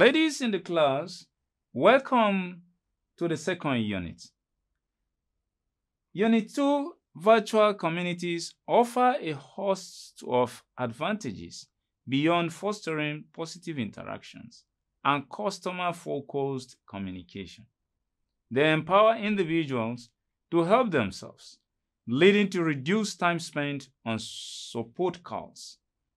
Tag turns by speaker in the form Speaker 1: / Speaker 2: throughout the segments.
Speaker 1: Ladies in the class, welcome to the second unit. Unit 2, virtual communities offer a host of advantages beyond fostering positive interactions and customer-focused communication. They empower individuals to help themselves, leading to reduced time spent on support calls.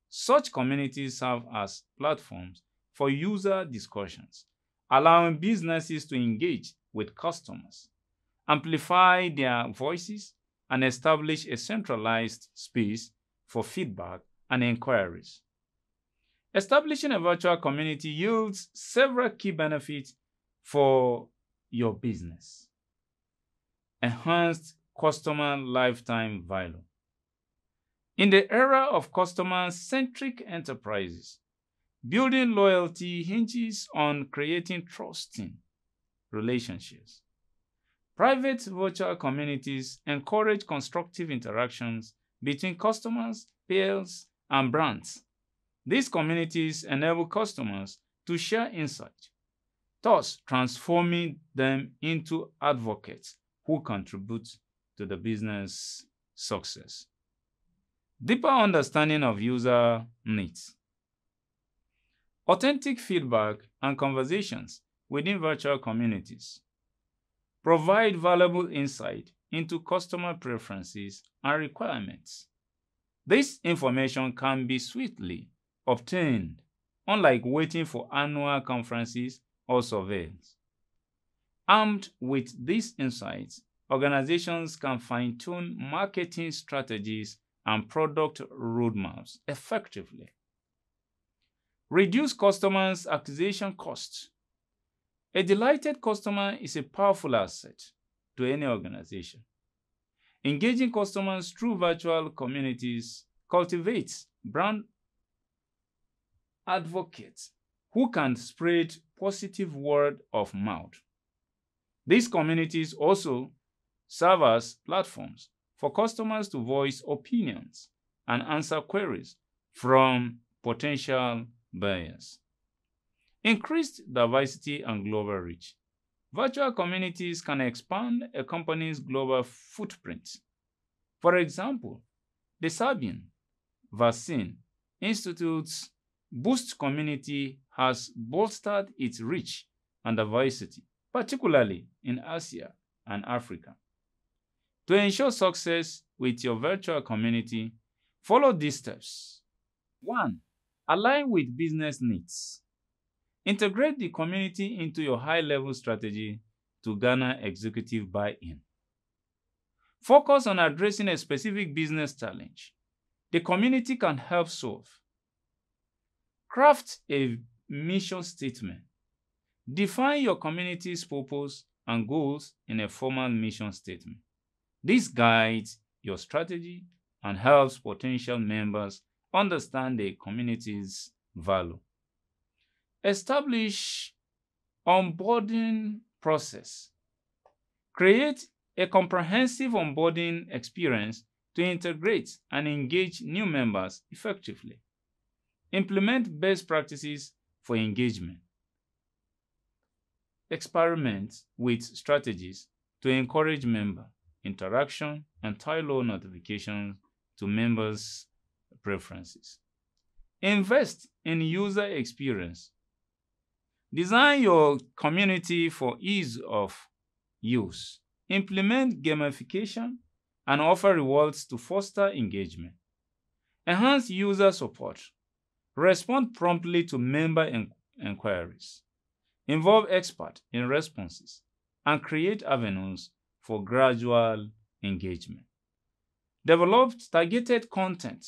Speaker 1: Such communities serve as platforms for user discussions, allowing businesses to engage with customers, amplify their voices, and establish a centralized space for feedback and inquiries. Establishing a virtual community yields several key benefits for your business. Enhanced customer lifetime value. In the era of customer centric enterprises, Building loyalty hinges on creating trusting relationships. Private virtual communities encourage constructive interactions between customers, peers, and brands. These communities enable customers to share insights, thus transforming them into advocates who contribute to the business success. Deeper understanding of user needs authentic feedback and conversations within virtual communities, provide valuable insight into customer preferences and requirements. This information can be swiftly obtained, unlike waiting for annual conferences or surveys. Armed with these insights, organizations can fine-tune marketing strategies and product roadmaps effectively. Reduce customers' acquisition costs. A delighted customer is a powerful asset to any organization. Engaging customers through virtual communities cultivates brand advocates who can spread positive word of mouth. These communities also serve as platforms for customers to voice opinions and answer queries from potential bias. Increased diversity and global reach. Virtual communities can expand a company's global footprint. For example, the Serbian Vaccine Institute's Boost community has bolstered its reach and diversity, particularly in Asia and Africa. To ensure success with your virtual community, follow these steps. 1 align with business needs. Integrate the community into your high-level strategy to garner executive buy-in. Focus on addressing a specific business challenge the community can help solve. Craft a mission statement. Define your community's purpose and goals in a formal mission statement. This guides your strategy and helps potential members understand a community's value. Establish onboarding process. Create a comprehensive onboarding experience to integrate and engage new members effectively. Implement best practices for engagement. Experiment with strategies to encourage member interaction and tailor notifications to members' preferences. Invest in user experience. Design your community for ease of use. Implement gamification and offer rewards to foster engagement. Enhance user support. Respond promptly to member inquiries. Involve experts in responses and create avenues for gradual engagement. Develop targeted content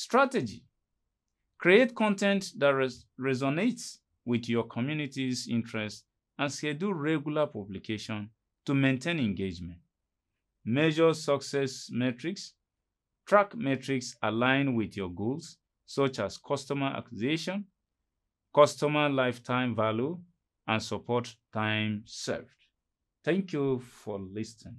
Speaker 1: Strategy. Create content that res resonates with your community's interests and schedule regular publication to maintain engagement. Measure success metrics. Track metrics aligned with your goals, such as customer acquisition, customer lifetime value, and support time served. Thank you for listening.